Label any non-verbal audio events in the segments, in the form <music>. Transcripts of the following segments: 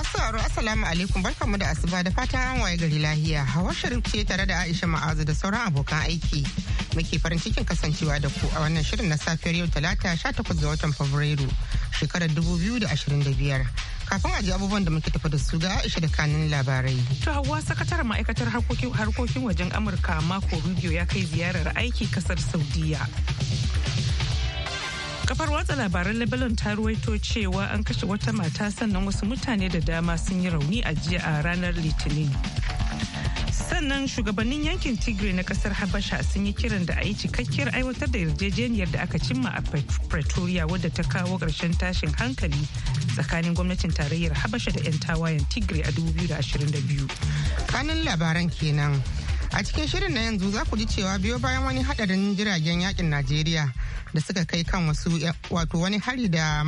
Masu aro Assalamu alaikum barkanmu da asuba da fatan an waye gari lahiya. Hawa Sharif ce tare da Aisha Ma'azu da sauran abokan aiki. Muke farin cikin kasancewa da ku a wannan shirin na safiyar yau Talata sha 18 ga watan Fabrairu shekarar dubu biyu da da ashirin biyar kafin aji abubuwan da muke tafa da su ga Aisha da kanin labarai. To hawa sakataren ma'aikatar harkokin wajen Amurka Marco Rubio ya kai ziyarar aiki kasar Saudiya. kafar watsa labaran labalan ta ruwaito cewa an kashe wata mata sannan wasu mutane da dama sun yi rauni a jiya a ranar litinin sannan shugabannin yankin tigray na kasar habasha sun yi kiran da a yi cikakkiyar aiwatar da yarjejeniyar da aka cimma a pretoria wadda ta kawo ƙarshen tashin hankali tsakanin gwamnatin tarayyar habasha da 'yan tawayen tigray a 2022 kanin labaran kenan A cikin shirin na yanzu za ku ji cewa biyo bayan wani hadarin jiragen yakin Najeriya da suka kai kan wasu wato wani hari da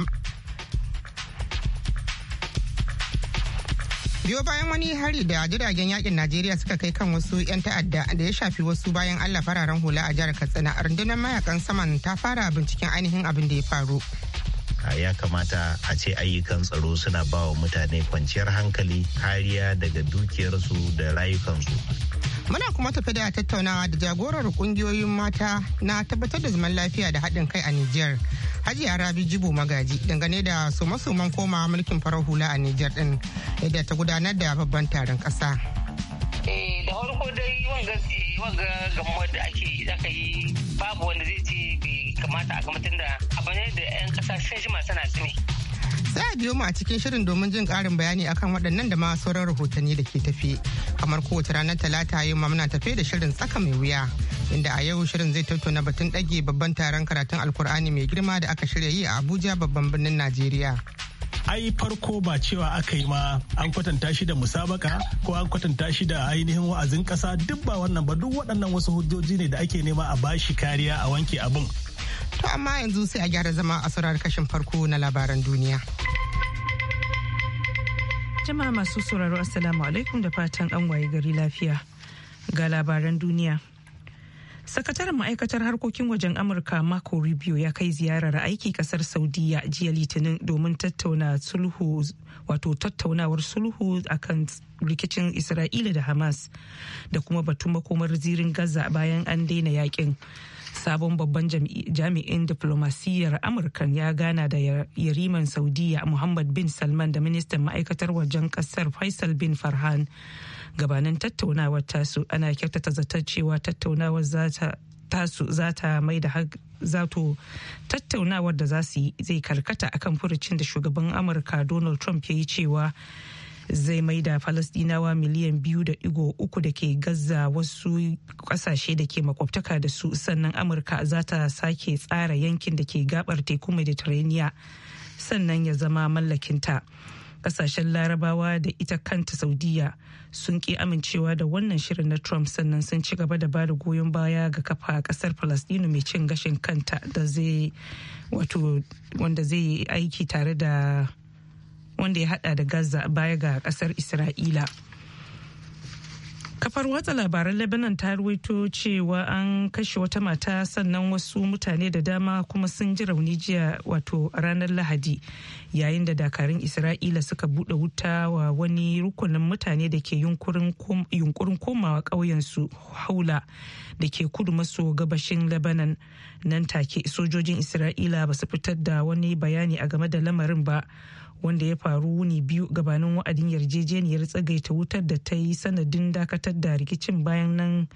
biyo bayan wani hari da jiragen yakin najeriya suka kai kan wasu 'yan ta'adda da ya shafi wasu bayan allah fararen hula a jihar katsina rundunar mayakan saman ta fara binciken ainihin abin da ya faru ya kamata a ce ayyukan tsaro suna ba wa mutane kwanciyar hankali kariya daga dukiyarsu da rayukansu Muna kuma tafi da tattaunawa da jagorar kungiyoyin mata na tabbatar da zaman lafiya da haɗin kai a Nijar. Hajiya Rabi Jibo Magaji dangane da soma-soman koma mulkin farar hula a Nijar ɗin yadda ta gudanar da babban taron ƙasa. Eh, da farko dai wanga eh, gamuwar da ake yi babu wanda zai ce bai kamata a gamatin da abu ne da 'yan ƙasa sun jima suna tsini. sai a biyo mu a cikin shirin domin jin karin bayani akan waɗannan da ma sauran rahotanni da ke tafi kamar kowace ranar talata yau ma muna tafe da shirin tsaka mai wuya inda a yau shirin zai tattauna batun ɗage babban taron karatun alkur'ani mai girma da aka shirya yi a abuja babban birnin najeriya ai farko ba cewa aka yi ma an kwatanta shi da musabaka ko an kwatanta shi da ainihin wa'azin kasa duk ba wannan ba duk waɗannan wasu hujjoji ne da ake nema a bashi kariya a wanke abun. To amma yanzu sai a gyara zama a saurari kashin farko na labaran duniya. Jama'a masu sauraro Assalamu alaikum da fatan an waye gari lafiya ga labaran duniya. Sakataren ma'aikatar harkokin wajen Amurka Marco Rubio ya kai ziyarar aiki kasar Saudiya jiya Litinin domin tattauna sulhu wato tattaunawar sulhu a kan rikicin Isra'ila da Hamas da kuma batun makomar zirin Gaza bayan an daina yakin. sabon babban jami'in diplomasiyyar amurkan ya gana da yariman saudiya muhammad bin salman da ministan ma'aikatar wajen kasar faisal bin farhan gabanin tattaunawar tasu ana kyautata zaton cewa tattaunawar tasu za mai da zato tattaunawar da za yi zai karkata akan furucin da shugaban amurka donald trump ya yi cewa zai maida falastinawa miliyan biyu da igo uku da ke gaza wasu kasashe da ke makwabtaka da su sannan amurka za ta sake tsara yankin da ke gabar teku mediterranean sannan ya zama mallakinta kasashen larabawa da ita kanta saudiya sun ki amincewa da wannan shirin na trump sannan sun ci gaba da ba da goyon baya ga kafa kasar palestino mai cin gashin kanta da zai wato wanda zai yi aiki tare da wanda ya hada da gaza baya ga kasar isra'ila kafar watsa labaran lebanon ta ruwaito cewa an kashe wata mata sannan wasu mutane da dama kuma sun ji rauni jiya wato ranar lahadi yayin da dakarun isra'ila suka buɗe wuta wa wani rukunin mutane da ke yunkurin komawa su haula da ke kudu maso gabashin lebanon nan take sojojin isra'ila ba su fitar da wani bayani a game da lamarin ba wanda ya faru wuni biyu gabanin wa'adin yarjejeniyar tsagaita wutar da ta yi sanadin dakatar da rikicin bayan nan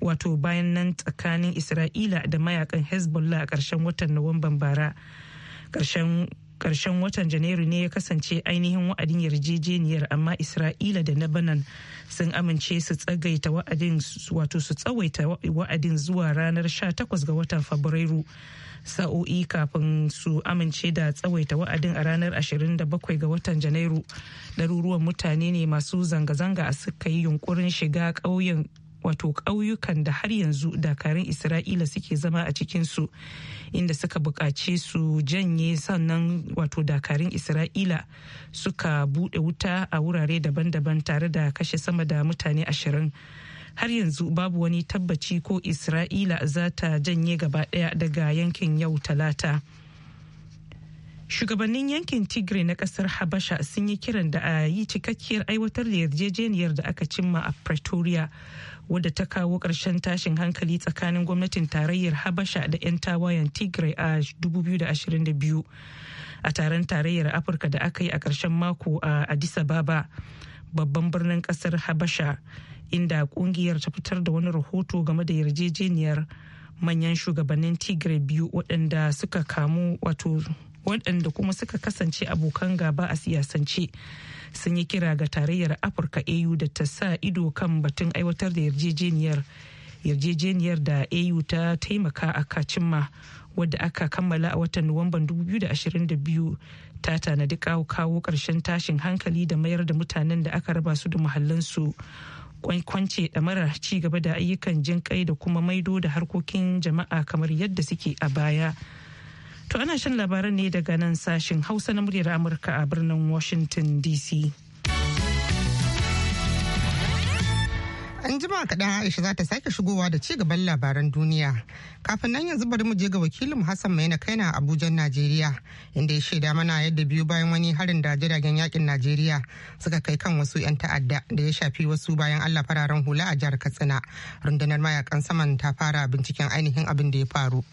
wato bayan nan tsakanin isra'ila da mayakan hezbollah a ƙarshen watan nuwamban bara ƙarshen karshen watan janairu ne ya kasance ainihin wa'adin yarjejeniyar amma isra'ila da na lebanon sun amince su tsagaita wa'adin wato su tsawaita wa'adin zuwa ranar 18 ga watan fabrairu sa'o'i kafin su amince da tsawaita wa'adin a ranar 27 ga watan janairu ɗaruruwan mutane ne masu zanga-zanga suka yi yunkurin shiga ƙauyen wato ƙauyukan da har yanzu dakarun isra'ila suke zama a cikinsu inda suka buƙace su janye sannan wato dakarun isra'ila suka buɗe wuta a wurare daban-daban tare da kashe sama da mutane ashirin har yanzu babu wani tabbaci ko isra'ila za ta janye gaba ɗaya daga yankin yau talata shugabannin yankin tigray na kasar habasha sun yi kiran da a yi cikakkiyar aiwatar da yarjejeniyar da aka cimma a pretoria wadda ta kawo ƙarshen tashin hankali tsakanin gwamnatin tarayyar habasha da 'yan tawayen tigray a 2022 a taron tarayyar afirka da aka yi a ƙarshen mako a addis ababa babban birnin ƙasar habasha inda ƙungiyar ta fitar da wani rahoto game da yarjejeniyar manyan shugabannin tigray biyu waɗanda suka kamu wato waɗanda kuma suka kasance abokan gaba a siyasance sun yi kira ga tarayyar afirka au da ta sa ido kan batun aiwatar da yarjejeniyar yarjejeniyar da au ta taimaka a kacimma wadda aka kammala a watan nuwamban 2022 ta tanadi kawo kawo ƙarshen tashin hankali da mayar da mutanen da aka raba su da muhallansu kwance ɗamarar ci gaba da ayyukan jin kai da kuma maido da harkokin jama'a kamar yadda suke a baya. To ana shan labaran ne daga nan sashen Hausa na muryar Amurka a birnin Washington DC. An jima kaɗan Aisha za ta sake shigowa da ci gaban labaran duniya. Kafin nan yanzu bari mu je ga wakilin Hassan Maina Kaina a Abuja, Najeriya, inda ya shaida mana yadda biyu bayan wani harin da jiragen yakin Najeriya suka kai kan wasu 'yan ta'adda da ya shafi wasu bayan Allah fararen hula a jihar Katsina. Rundunar mayakan saman ta fara binciken ainihin abin da ya faru.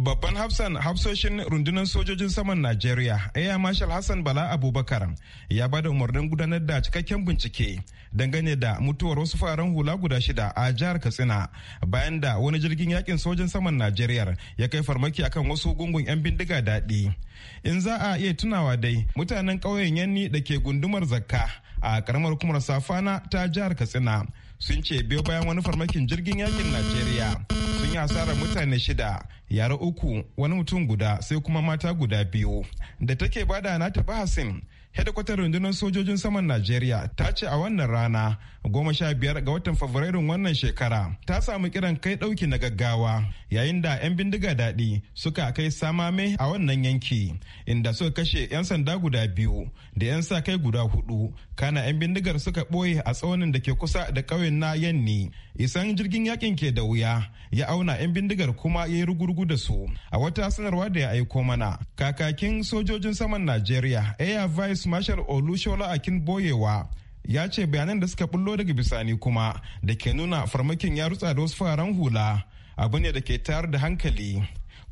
Babban hafsan hafsoshin rundunar sojojin saman Najeriya, Air Marshal Hassan Bala Abubakar, ya bada umarnin gudanar da cikakken bincike dangane da mutuwar wasu fararen hula guda shida a jihar Katsina bayan da wani jirgin yakin sojin saman Najeriya ya kai farmaki akan wasu gungun 'yan bindiga daɗi. In za a iya tunawa dai, mutanen ƙauyen Yanni da ke gundumar Zakka a ƙaramar kumar Safana ta jihar Katsina sun ce biyo bayan wani farmakin jirgin yakin najeriya sun yi asarar mutane shida yara uku wani mutum guda sai kuma mata guda biyu da take bada nata bahasin hedikwatar rundunar sojojin saman najeriya ta ce a wannan rana goma sha biyar ga watan fabrairun wannan shekara ta samu kiran kai ɗauki na gaggawa yayin da 'yan bindiga daɗi suka kai samame a wannan yanki inda suka kashe 'yan sanda guda biyu da 'yan sa kai guda hudu kana 'yan bindigar suka ɓoye a tsaunin da ke kusa da ƙauyen na yanni isan jirgin yakin ke da wuya ya auna 'yan bindigar kuma ya yi rugurgu da su a wata sanarwa da ya aiko mana kakakin sojojin saman najeriya air vice marshal olushola akin boyewa ya ce bayanan da suka bullo daga bisani kuma da ke nuna farmakin ya rutsa da wasu fararen hula abu ne da ke tayar da hankali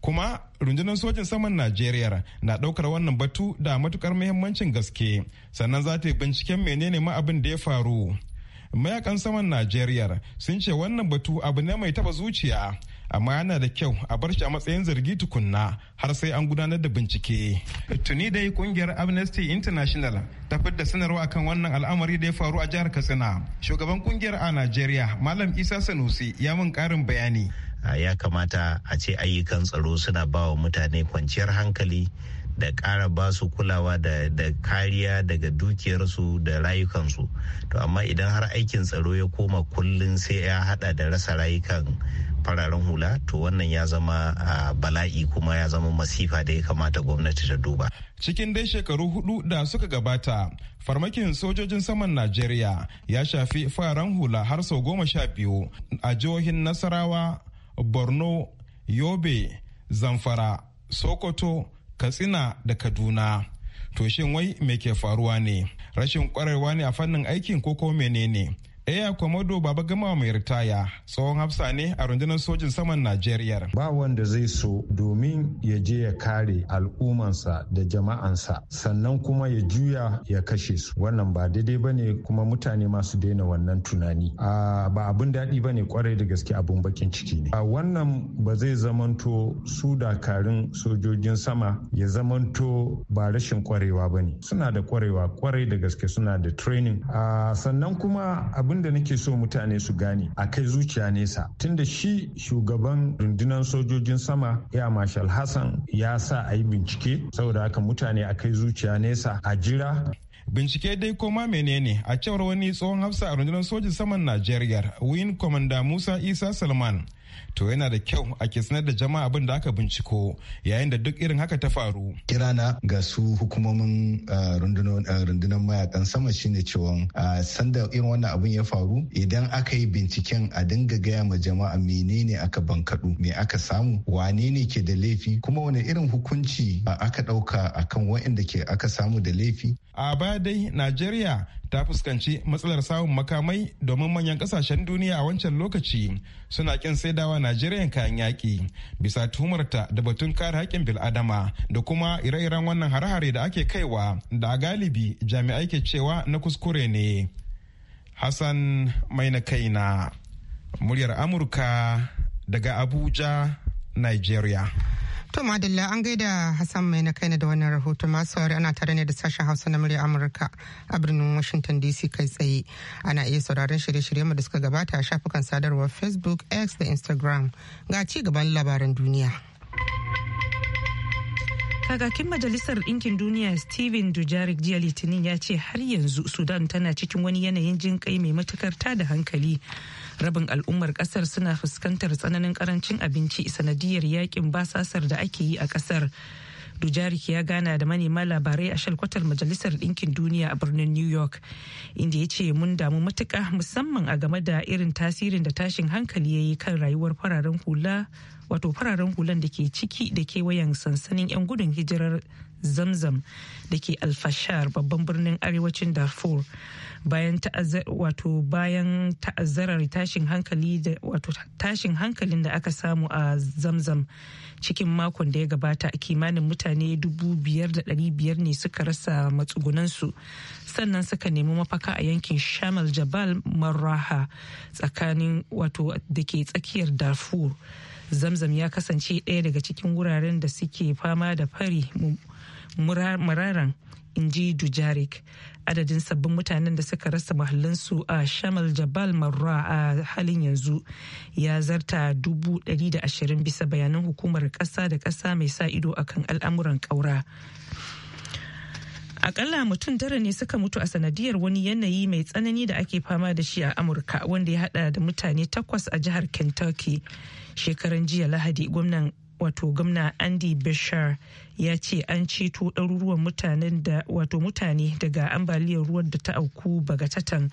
kuma rundunar sojin saman najeriya na daukar wannan batu da matukar muhimmancin gaske sannan za ta yi binciken menene ma abin da ya faru mayakan saman najeriya sun ce wannan batu abu ne mai taba zuciya amma yana da kyau a bar shi a matsayin zargi tukunna har sai an gudanar da bincike. Tuni dai kungiyar Amnesty International ta fidda sanarwa akan wannan al'amari da ya faru a jihar Katsina. Shugaban kungiyar a Najeriya, Malam Isa Sanusi ya min karin bayani. Ya kamata a ce ayyukan tsaro suna ba wa mutane kwanciyar hankali da ƙara ba su kulawa da, da kariya daga dukiyarsu da rayukansu. To amma idan har aikin tsaro ya koma kullum sai ya hada da rasa rayukan fararen hula to wannan ya zama a bala'i kuma ya zama masifa da ya kamata gwamnati ta duba cikin dai shekaru hudu da suka gabata farmakin sojojin saman najeriya ya shafi fararen hula har sau goma sha biyu a jihohin nasarawa borno yobe zamfara sokoto katsina da kaduna to shin wai me ke faruwa ne rashin kwarewa ne a fannin aikin ko ko menene Eya Komodo Baba Gama mai ritaya tsohon hafsa ne a rundunar sojin saman Najeriya. Ba wanda zai so domin ya je ya kare sa da jama'ansa sannan kuma ya juya ya kashe su. Wannan ba daidai ba ne kuma mutane masu daina wannan tunani. Ah, ba abin daɗi ba ne kwarai da gaske abin bakin ciki ne. Ah, wannan ba zai zamanto su dakarun sojojin sama ya zamanto ba rashin kwarewa ba ne. Suna da kwarewa kwarai da gaske suna da training. Ah, sannan kuma abin abin da nake so mutane su gane a kai zuciya nesa tunda shi shugaban rundunar sojojin sama ya marshal hassan ya sa a yi bincike saboda haka mutane a kai zuciya nesa a jira bincike dai koma menene a cewar wani tsohon hafsa a rundunar sojin saman najeriya win komanda musa isa salman to yana da kyau a ke sanar da jama'a abin da aka binciko yayin da duk irin haka ta faru. Kirana ga su hukumomin uh, uh, rundunar mayakan sama shine cewa uh, sanda irin wannan abin ya faru idan aka yi binciken a dinga gaya ma jama'a menene aka bankaɗu me aka samu wane ne ke da laifi kuma wani irin hukunci aka ɗauka akan waɗanda ke aka samu da laifi. a baya dai najeriya ta fuskanci matsalar samun makamai domin manyan kasashen duniya a wancan lokaci suna kin saidawa najeriya kayan yaƙi bisa tuhumarta da batun kare haƙƙin bil'adama da kuma ire-iren wannan hare-hare da ake kaiwa da a galibi jami'ai ke cewa na kuskure ne hassan mai na kaina muryar amurka daga abuja nigeria To Madalla an gaida Hassan mai na kai na da wannan rahoton masu saurari ana tare ne da sashen Hausa na murya Amurka a birnin Washington DC kai tsaye. Ana iya sauraron shirye-shirye mu da suka gabata a shafukan sadarwar Facebook, X da Instagram. Ga ci gaban labaran duniya. kakakin majalisar ɗinkin duniya steven dujarik jiya litinin ya ce har yanzu sudan tana cikin wani yanayin jin kai mai matukar da hankali rabin al'ummar kasar suna fuskantar tsananin karancin abinci sanadiyar yakin basasar da ake yi a kasar Dujarik ya gana da manema labarai a shalkwatar Majalisar Ɗinkin Duniya a birnin New York, inda ya ce mun damu matuka musamman a game da irin tasirin da tashin hankali ya yi kan rayuwar fararen hula, wato fararen hulan da ke ciki da kewayen sansanin 'yan gudun hijirar Zamzam da ke Alfashar babban birnin arewacin Darfur bayan wato ta'azzarar tashin hankalin da aka samu a Zamzam cikin makon da ya gabata a kimanin mutane dubu da ɗari biyar ne suka rasa matsugunansu sannan suka nemi mafaka a yankin shamal jabal marraha tsakanin wato da ke tsakiyar darfur zamzam ya kasance ɗaya daga cikin wuraren da suke fama da fari muraran in ji dujarik adadin sabbin mutanen da suka rasa mahallinsu a shamal jabal marra a halin yanzu ya zarta dubu da ashirin bisa bayanan hukumar ƙasa da ƙasa mai sa ido akan al'amuran ƙaura akalla mutum tara ne suka mutu a sanadiyar wani yanayi mai tsanani da ake fama da shi a amurka wanda ya haɗa da mutane takwas a jihar kentucky shekaran jiya lahadi gwamnan wato gwamna andy bashar ya ce an ceto ɗaruruwan mutanen da wato mutane daga ambaliyar ruwan da ta auku bagatatan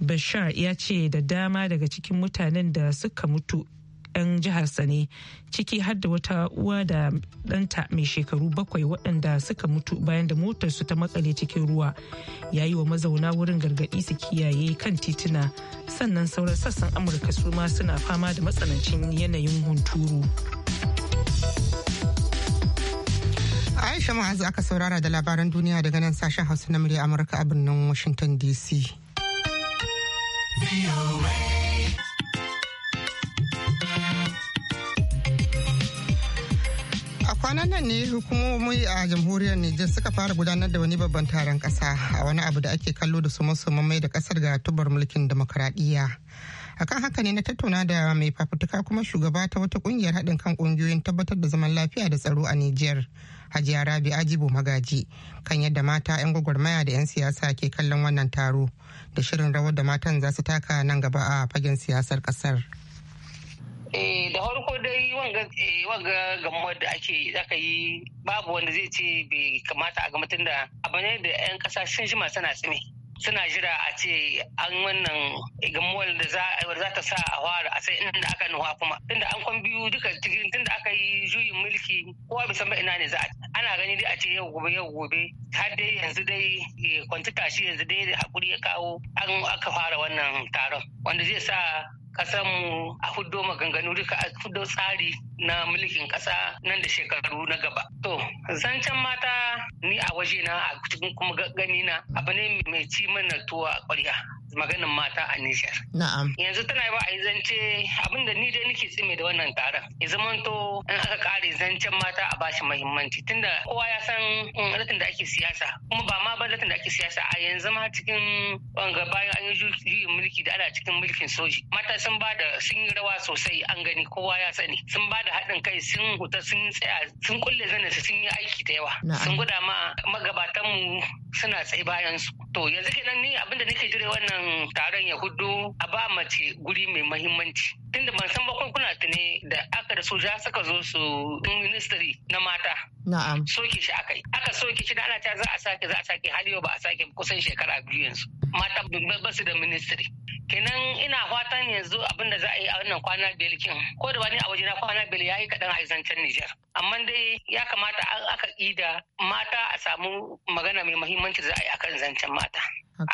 bashar ya ce da dama daga cikin mutanen da suka mutu 'yan jiharsa ne ciki har da wata uwa da ɗanta mai shekaru bakwai waɗanda suka mutu bayan da motarsu ta matsale cikin ruwa ya yi wa mazauna wurin gargaɗi su kiyaye kan tituna sannan sauran sassan amurka su ma suna fama da matsanancin yanayin hunturu. Aisha Ma'azu aka saurara da labaran duniya daga nan sashen Hausa na murya Amurka a birnin Washington DC. kwanan nan ne hukumomi a jamhuriyar Nijar suka fara gudanar da wani babban taron kasa a wani abu da ake kallo da su masu mai da kasar ga tubar mulkin demokaradiyya. akan haka ne na tattauna da mai fafutuka kuma shugaba ta wata kungiyar haɗin kan ƙungiyoyin tabbatar da zaman lafiya da tsaro a Nijar hajiya rabi ajibu magaji kan yadda mata 'yan gwagwarmaya da 'yan siyasa ke kallon wannan taro da shirin rawar da matan za su taka nan gaba a fagen siyasar kasar eh, da farko dai wanga eh, gamuwa da ake aka yi babu wanda zai ce bai kamata a gamatin da abu ne da 'yan kasa sun masu suna tsime suna jira a ce an wannan gamuwar da za ta sa a fara a sai inda aka nuwa kuma tunda an kwan biyu duka cikin tunda aka yi juyin mulki kowa bai san ba ina ne za a ana gani dai a ce yau gobe yau gobe har dai yanzu dai eh, kwanci tashi yanzu dai hakuri ya kawo an aka fara wannan taron wanda zai sa kasan mu a hudu maganganu duka a hudu tsari na mulkin kasa nan da shekaru na gaba to zancen mata ni a waje na a cikin kuma gani na abu ne mai ci mana tuwa a ƙwarya maganin mata a Nijar. Na'am. Yanzu tana yi ba a yi zance abinda ni dai nake tsime da wannan taron. Ya to in aka kare zancen mata a bashi muhimmanci tunda kowa ya san mm, latin da ake siyasa kuma ba ma ba latin da ake siyasa a yanzu ma cikin wanga bayan an yi juyin mulki da ana cikin mulkin soji. Mata sun ba da sun yi rawa sosai an gani kowa ya sani sun ba da haɗin kai sun huta sun tsaya sun kulle zane su sun yi aiki da yawa. Sun guda ma magabatanmu suna tsaye bayan su. To yanzu kenan ni abinda nake jure wannan wannan taron ya hudu a ba mace guri mai mahimmanci tunda ban san bakwai kuna tuni da aka da soja suka zo su ministry na mata na'am soke shi akai aka soke shi da ana ta za a sake za a sake har yau ba a sake kusan shekara biyu yanzu mata ba su da ministry kenan ina fatan yanzu abin da za a yi a wannan kwana biyar kin ko da wani a waje na kwana biyar ya yi kaɗan a zancen Nijar amma dai ya kamata an aka da mata a samu magana mai mahimmanci za a yi akan zancen mata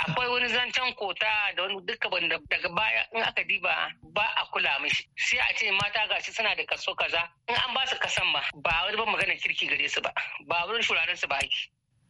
akwai wani zancen kota da wani duka banda daga baya in aka diba ba a kula mishi sai a ce mata gashi suna da kaso kaza in an ba su kasan ba ba wani ba magana kirki gare su ba ba wurin shuraren su ba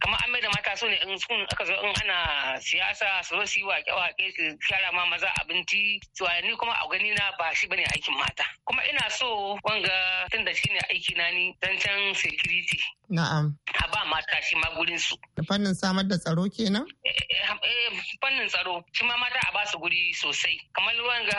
kamar an mai da mata so ne in sun aka zo in ana siyasa su zo su yi wake-wake su kyara ma maza abinci su ni kuma a gani na ba shi bane aikin mata kuma ina so wanga tun da shine aiki na ni dan can security na'am a ba shi ma gurin su. Fannin samar da tsaro kenan? Eh, eh, eh, fannin tsaro shi ma mata a basu guri sosai. Kamar ruwan ga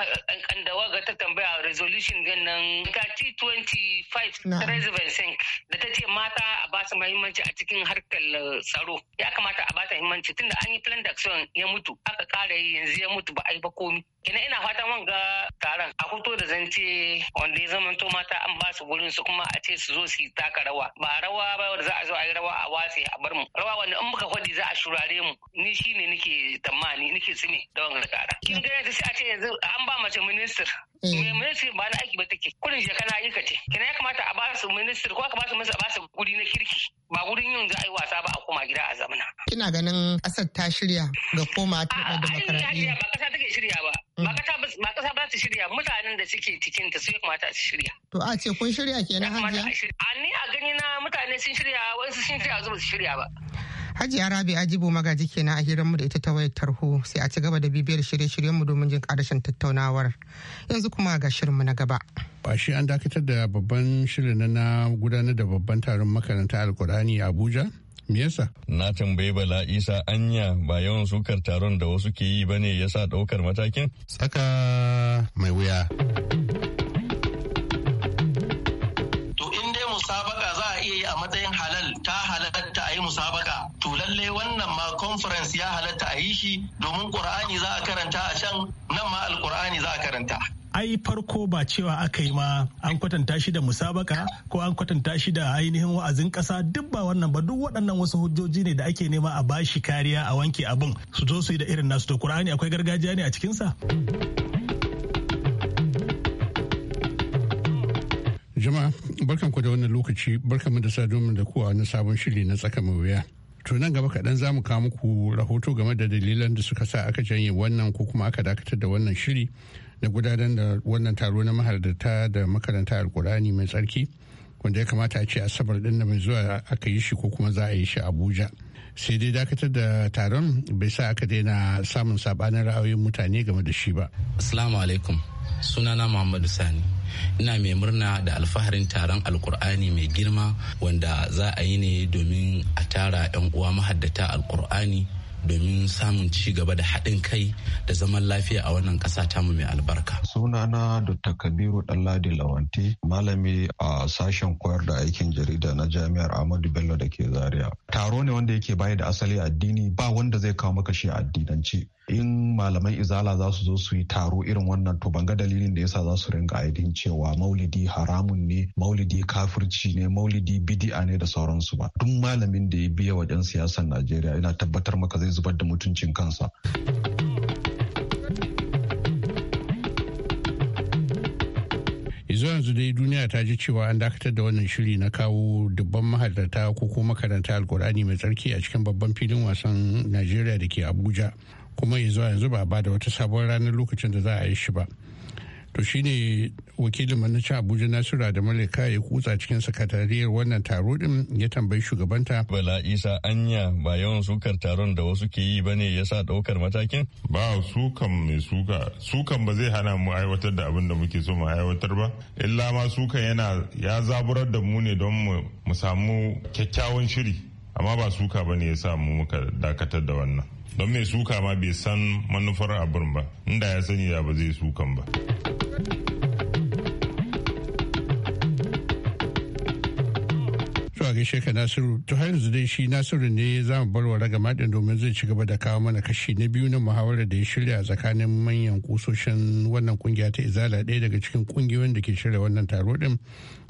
kandawa ga ta tambaya resolution ganin ga T25 President da ta ce mata a basu mahimmanci a cikin harkar tsaro. Ya kamata a bata mahimmanci tunda an yi plan da ya mutu aka kara yanzu ya mutu ba a yi ba komi. ina ina fatan ga taron a hoto da zance wanda ya zama to mata an ba su gurin su kuma a ce su zo su taka rawa ba rawa ba wanda za a zo a yi rawa a watse a bar mu rawa wanda in muka faɗi za a shurare mu ni shine nake tamani nake tsime da wanga taron kin ga yanzu sai a ce yanzu an ba mace minister Mm. ministry ba na aiki ba take kudin je kana aika ce kina ya kamata a ba su ministry ko aka ba su ministry a ba su guri na kirki ba gurin yin za a yi wasa ba a koma gida a zamana kina ganin ƙasar ta shirya ga koma ta da makaranta ba ƙasa take shirya ba mm. ba kasa ba su shirya mutanen da suke cikin ta su kamata su shirya. To a ce kun shirya kenan hajiya? A ni a gani na mutane sun shirya wasu sun shirya wasu su shirya ba. Hajiya Rabi Ajibu Magaji kenan a mu da ita ta wayar tarho sai a ci gaba da bibiyar shirye-shiryenmu domin jin karshen tattaunawar. Yanzu kuma ga shirinmu na gaba. Ba shi an dakatar da babban shirin na gudanar da babban taron makaranta Alkur'ani a Abuja? Me yasa? Na tambayi Bala Isa Anya ba yawan sukar taron da wasu ke yi bane sa ɗaukar matakin? saka mai wuya. conference ya halatta a yi shi domin ƙur'ani za a karanta a can nan ma alƙur'ani za a karanta ai farko ba cewa aka yi ma an kwatanta shi da musabaka ko an kwatanta shi da ainihin wa'azin kasa duk ba wannan ba duk waɗannan wasu hujjoji ne da ake nema a bashi kariya a wanke abin su zo su yi da irin nasu to kur'ani akwai gargajiya ne a cikinsa. jama'a barkan ku da wannan lokaci barkan mu da sadomin da kowa na sabon shiri na tsaka mai wuya to nan gaba kaɗan za mu kawo muku rahoto game da dalilan da suka sa aka janye wannan ko kuma aka dakatar da wannan shiri na gudanar da wannan taro na mahalarta da makaranta alkurani mai tsarki wanda ya kamata a ce asabar ɗin da mai zuwa aka yi shi ko kuma za a yi shi abuja sai dai dakatar da taron bai sa aka daina samun sabanin ra'ayoyin mutane game da shi ba assalamu alaikum sunana muhammadu sani ina mai murna da alfaharin taron alkur'ani mai girma wanda za a yi ne domin a tara 'yan uwa mahaddata alkur'ani domin samun ci gaba da haɗin kai da zaman lafiya a wannan ƙasa tamu mai albarka. Suna na Dr. Kabiru Ɗanladi Lawanti, malami a sashen koyar da aikin jarida na Jami'ar Ahmadu Bello da ke Zaria. Taro ne wanda yake bayar da asali addini ba wanda zai kawo maka shi addinanci. In malaman izala za su zo su yi taro irin wannan to banga dalilin da yasa za su ringa aidin cewa maulidi haramun ne, maulidi kafirci ne, maulidi bidi'a ne da sauransu ba. Duk malamin da ya biya wajen siyasar Najeriya ina tabbatar maka zai ya zubar da mutuncin kansa. zuwa yanzu dai duniya ta ji cewa an dakatar da wannan shiri na kawo dubban mahalarta ko kuma makaranta alkur'ani mai tsarki a cikin babban filin wasan najeriya da ke abuja kuma yanzu yanzu ba ba da wata sabon ranar lokacin da za a yi shi ba to shine wakilin manaci ci abuja nasura da malika ya kutsa cikin sakatariyar wannan taro din ya tambayi shugabanta bala isa anya ba yawan sukar taron da wasu ke yi ba ne ya sa daukar matakin ba sukan mai suka sukan ba zai hana mu aiwatar da abin da muke so mu aiwatar ba illa ma sukan yana ya zaburar da mu ne don mu samu kyakkyawan shiri amma ba suka ba ne ya sa mu muka dakatar da wannan don mai suka ma bai san manufar abin ba inda ya sani ya ba zai sukan ba gaishe ka Nasiru. To har yanzu dai shi Nasiru ne za mu bar raga maɗin domin zai ci gaba da kawo mana kashi na biyu na muhawarar da ya shirya tsakanin manyan kusoshin wannan kungiya ta Izala ɗaya daga cikin kungiyoyin da ke shirya wannan taro din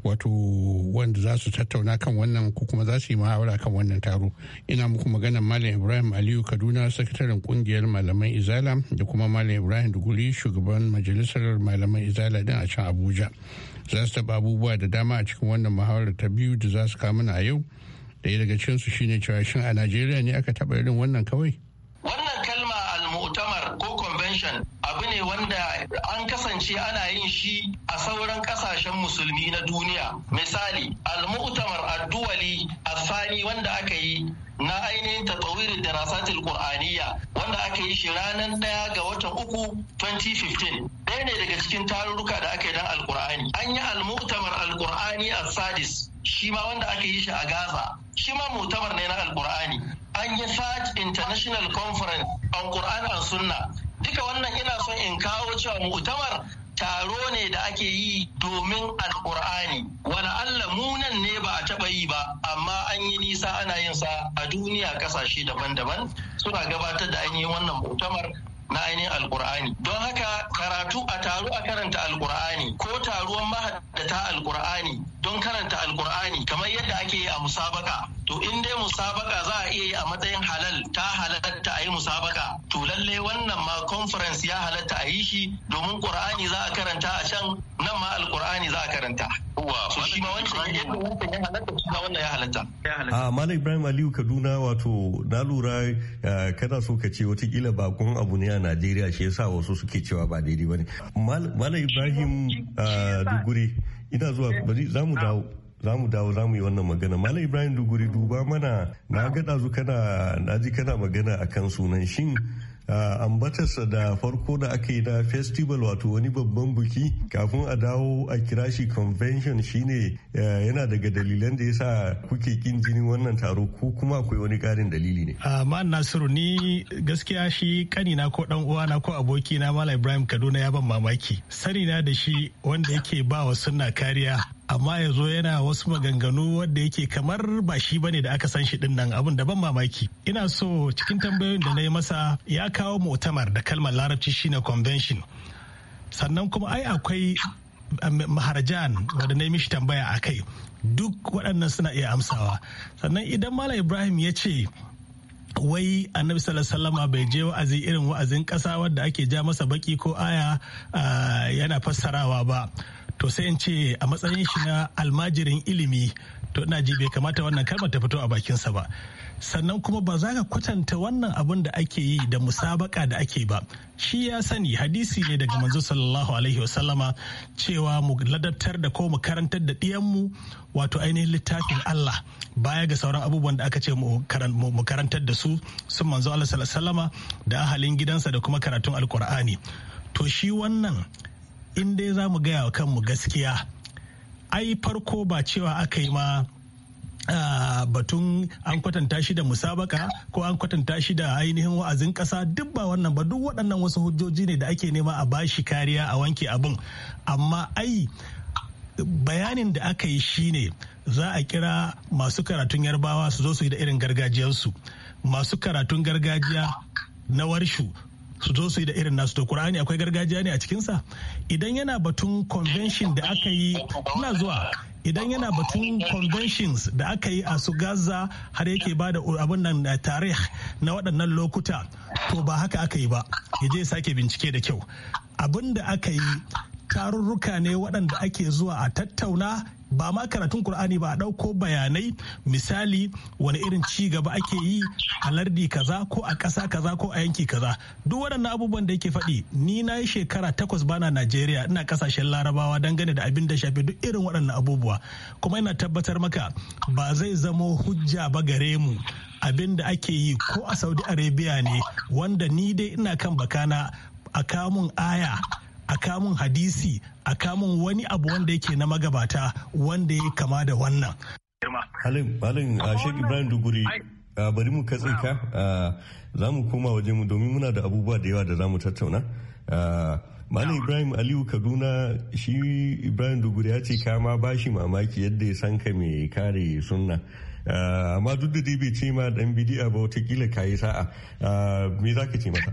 wato wanda za su tattauna kan wannan ko kuma za su yi muhawara kan wannan taro. Ina muku magana Malam Ibrahim Aliyu Kaduna sakataren kungiyar malaman Izala da kuma Malam Ibrahim Duguri shugaban majalisar malaman Izala din a can Abuja. za su taɓa abubuwa da dama a cikin wannan muhawarar ta biyu da za su kawo mana a yau ɗaya daga cikinsu shine cewa shin a najeriya ne aka taɓa irin wannan kawai abu ne wanda an kasance ana yin shi a sauran kasashen musulmi na duniya misali al-mu'tamar ad-duwali asani wanda aka yi na ainihin tatawirin darasatil qur'aniyya wanda aka yi shi ranar ɗaya ga watan uku 2015 ɗaya ne daga cikin tarurruka da aka yi don al-qur'ani an yi al-mu'tamar al-qur'ani as-sadis shi ma wanda aka yi shi a gaza shi ma mu'tamar ne na al alkur'ani an yi International Conference on Quran and Sunna duka wannan ina son in kawo cewa mu'tamar taro ne da ake yi domin alkur'ani wani allah munan ne ba a taba yi ba amma an yi nisa ana yin sa a duniya kasashe daban-daban suna gabatar da ainihin wannan mutamar na ainihin alkur'ani don haka karatu a taru a karanta alkur'ani ko taruwan mahaddata alkur'ani don karanta alkur'ani kamar yadda ake yi a musabaka to in dai musabaka za a iya yi a matsayin halal ta halatta a yi musabaka to lallai wannan ma conference ya halatta a yi shi domin qur'ani za a karanta a can nan ma alkur'ani za a karanta a ah, malam ibrahim aliyu kaduna wato na lura eh, kana so ka ce watakila bakon abu ne a najeriya shi yasa wasu suke cewa ba daidai ba ne malam ibrahim ah, duguri ina zuwa eh. bari za mu ah. dawo za mu dawo za mu yi wannan magana malam ibrahim duguri duba mana na ga kana na ji kana magana akan sunan shin ambatarsa da farko da aka yi na festival wato wani babban buki kafin a dawo a kira shi convention shine eh, yana daga dalilan da ya sa kuke kin jini wannan taro ko kuma akwai wani karin dalili ne ah, amma nasiru ni gaskiya shi kanina ko dan uwana ko aboki na malam ibrahim kaduna ya ban mamaki sani na da shi wanda yake ba wa sunna kariya amma ya zo yana wasu maganganu wadda yake kamar ba shi bane da aka san shi din nan abin da ban mamaki ina so cikin tambayoyin da na yi masa ya kawo mu'tamar da kalmar larabci shine convention sannan kuma ai akwai um, maharajan wadda na yi mishi tambaya a kai duk waɗannan suna iya amsawa sannan idan malam ibrahim ya ce wai annabi sallama bai je wa'azi irin wa'azin ƙasa wadda ake ja masa baki ko aya uh, yana fassarawa ba to sai in ce a matsayin shi na almajirin ilimi to ina ji bai kamata wannan kalmar ta fito a bakinsa ba sannan kuma ba za ka kwatanta wannan abin da ake yi da musabaka da ake ba shi ya sani hadisi ne daga manzo sallallahu alaihi wasallama cewa mu ladabtar da ko mu karantar da ɗiyanmu wato ainihin littafin Allah baya ga sauran abubuwan da aka ce mu karantar da su sun manzo Allah sallallahu alaihi wasallama da ahalin gidansa da kuma karatun alkur'ani to shi wannan in dai za mu gaya kanmu gaskiya ai farko ba cewa aka yi ma batun an kwatanta shi da musabaka ko an kwatanta shi da ainihin wa'azin kasa duk ba wannan ba duk waɗannan wasu hujjoji ne da ake nema a bashi kariya a wanke abin amma ai bayanin da aka yi shine za a kira masu karatun yarbawa su zo su yi da irin gargajiyarsu masu karatun gargajiya na warshu su zo su yi da irin nasu to Qur'ani akwai gargajiya ne a cikinsa idan yana batun convention da aka yi ina zuwa idan yana batun conventions da aka yi a su gaza har yake ba da abin nan eh, tarih na waɗannan lokuta to ba haka aka yi ba ya je sake bincike da kyau abin da aka yi tarurruka ne waɗanda ake zuwa a tattauna ba ma karatun Kur'ani ba a ɗauko bayanai misali wani irin ci gaba ake yi a lardi kaza ko a ƙasa kaza ko a yanki kaza duk waɗannan abubuwan da yake faɗi ni na yi shekara takwas bana Najeriya ina ƙasashen Larabawa dangane da abin da shafi duk irin waɗannan abubuwa kuma ina tabbatar maka ba zai zamo hujja ba gare mu abin da ake yi ko a Saudi Arabia ne wanda ni dai ina kan bakana a kamun aya a kamun hadisi a kamun wani abu wanda yake na magabata wanda ya kama da wannan halin halin uh, Sheikh ibrahim duguri uh, bari mu katse ka uh, za mu koma waje mu domin muna da abubuwa da yawa da za mu tattauna malam ibrahim aliyu kaduna shi ibrahim duguri ya ce kama ba shi mamaki yadda ya san ka mai kare sunna amma duk da dai bai ce ma dan bidi'a ba watakila ka yi sa'a me za ka ce masa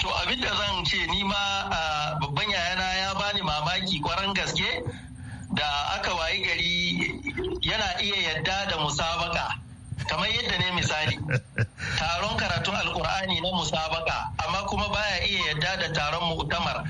To abin da zan ce ni ma babban yayana ya bani mamaki kwaran gaske da aka wayi gari yana iya yadda da musabaka kamar yadda ne misali <laughs> taron karatun alkur'ani na musabaka amma kuma baya iya yadda da taron mu'tamar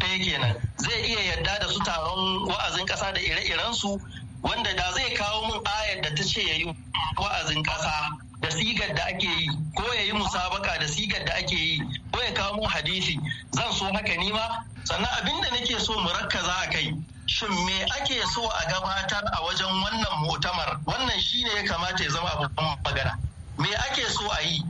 yake kenan zai iya yadda da su taron wa'azin ƙasa da ire-irensu wanda da zai kawo min ayar da ta ce ya yi wa'azin ƙasa da sigar da ake yi ko ya yi musabaka da sigar da ake yi ko ya kamo hadisi zan so haka nima sannan abin da nake so mu rakkaza a kai shin me ake so a gabatar a wajen wannan mutamar wannan shine ya kamata ya zama abubuwan magana me ake so a yi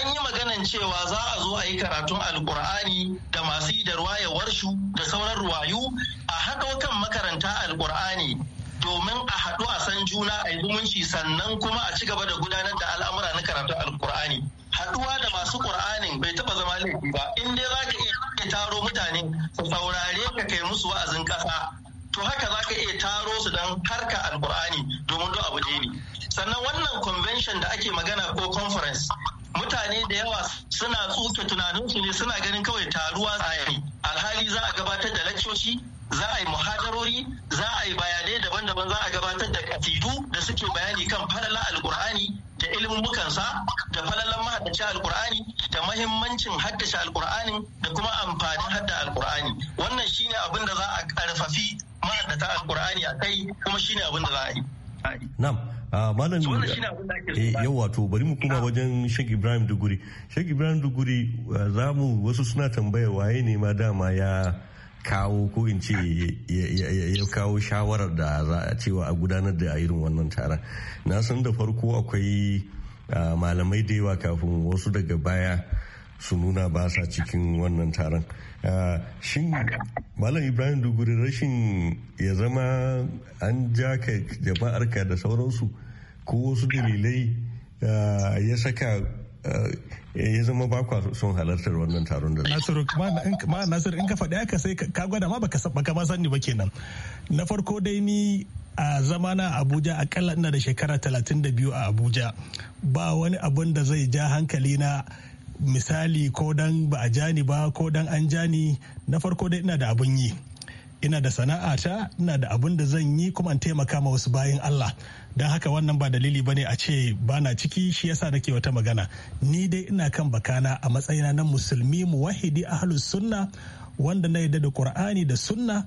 an yi maganan cewa za a zo a yi karatun alkur'ani da masu yi da ruwayawar warshu da sauran ruwayu a haka kan makaranta alkur'ani domin a haɗu a san juna a yi zumunci sannan kuma a ci gaba da gudanar da al'amura na karatun alkur'ani haɗuwa da masu ƙur'anin bai taɓa zama laifi ba in dai za ka iya taro mutane su saurare ka kai musu wa'azin ƙasa to haka za ka iya taro su don harka alkur'ani domin do abu ne sannan wannan convention da ake magana ko conference mutane da yawa suna tsuke tunaninsu ne suna ganin kawai taruwa alhali za a gabatar da lakcoci za a yi muhadarori za a yi bayanai daban-daban za a gabatar da katidu da suke bayani kan falalar alkur'ani da ilimin mukansa da falalar mahaddace alkur'ani da mahimmancin haddace alkur'ani da kuma amfanin hadda alkur'ani wannan shine abin da za a karfafi mahaddata alkur'ani a kai kuma shine abin da za a yi Na'am, malam eh, yau wato bari mu kuma wajen Sheikh Ibrahim Duguri. Sheikh Ibrahim Duguri za mu wasu suna tambaya waye ne ma dama ya kawo ko in ce ya kawo shawarar da za a cewa a gudanar da irin wannan taron na san da farko akwai malamai da yawa kafin wasu daga baya su nuna ba sa cikin wannan taron shin malam ibrahim duguri rashin ya zama an ja ka jama'arka da sauransu ko wasu dalilai ya saka Eh, ya zama ba kwa son halartar wannan taron da Nasiru ma Nasiru in ka faɗi haka sai ka gwada ma baka baka ma sani ba kenan na farko dai ni a zamana Abuja akalla ina da shekara 32 a Abuja ba wani abun da zai ja hankali na misali ko dan ba a jani ba ko dan an jani na farko dai ina da abun yi ina da sana'ata ina da abin da zan yi kuma taimaka ma wasu bayan Allah don haka wannan ba dalili bane a ce bana ciki shi yasa nake wata magana ni dai ina kan bakana a matsayina na musulmi muwahidi ahlus sunna wanda na yadda da qur'ani da sunna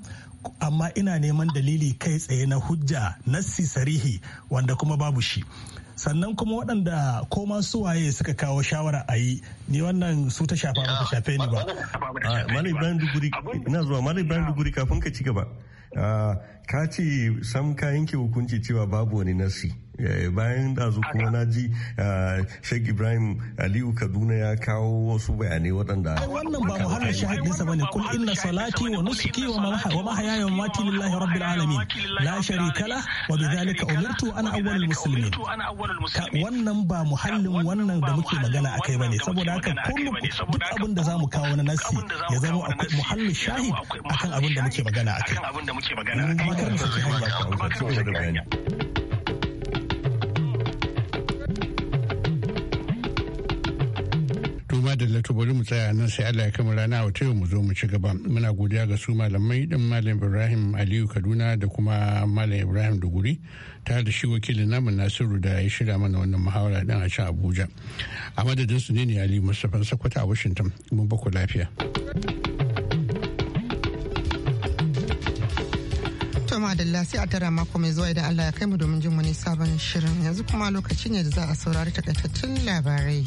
amma ina neman dalili kai tsaye na hujja nassi sarihi wanda kuma babu shi sannan kuma waɗanda koma suwaye suka kawo shawara a yi ni wannan su ta shafa ba ta ah, shafe ni ba ah, ina zuwa malai ah. bayan duguri kafin ka ci gaba ka ce sam ka yanke hukunci cewa babu wani nasi Eh, bayan ɗazu kuma na ji eh, Sheikh Ibrahim Aliyu Kaduna ya kawo wasu bayanai waɗanda. Wannan ba muhallar shahadinsa bane kul inna salati wa nusuki wa mahayaya wa mati lillahi rabbil alamin la sharika la wa bidhalika umirtu ana awwalul muslimin. Wannan ba muhallin wannan da muke magana akai bane saboda haka kullum duk abin da zamu kawo na nasi ya zama akwai muhallin shahid akan abin da muke magana akai. Akan abin da muke magana akai. Amma kar mu da to bari mu tsaya nan sai Allah ya kama rana a wata mu zo mu ci gaba muna godiya ga su malamai din malam Ibrahim Aliyu Kaduna da kuma malam Ibrahim Duguri ta da shi wakilin namu Nasiru da ya shirya mana wannan muhawara din a can Abuja a madadin su ne ne Ali Mustapha Sakwata a Washington mun bako lafiya to madalla sai a tara mako mai zuwa idan Allah ya kai mu domin jin wani sabon shirin yanzu kuma lokaci ne da za a saurari takaitattun labarai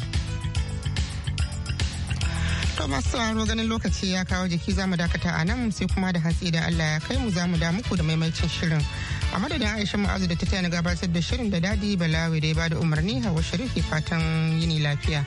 To masu sauraro ganin lokaci ya kawo jiki zamu dakata a nan sai kuma da hatsi da Allah ya kai mu zamu mu da muku da maimaicin shirin. A madadin Aisha Ma'azu da ta tana gabatar da shirin da Dadi Balawi da ya bada umarni Hawa ke fatan yini lafiya.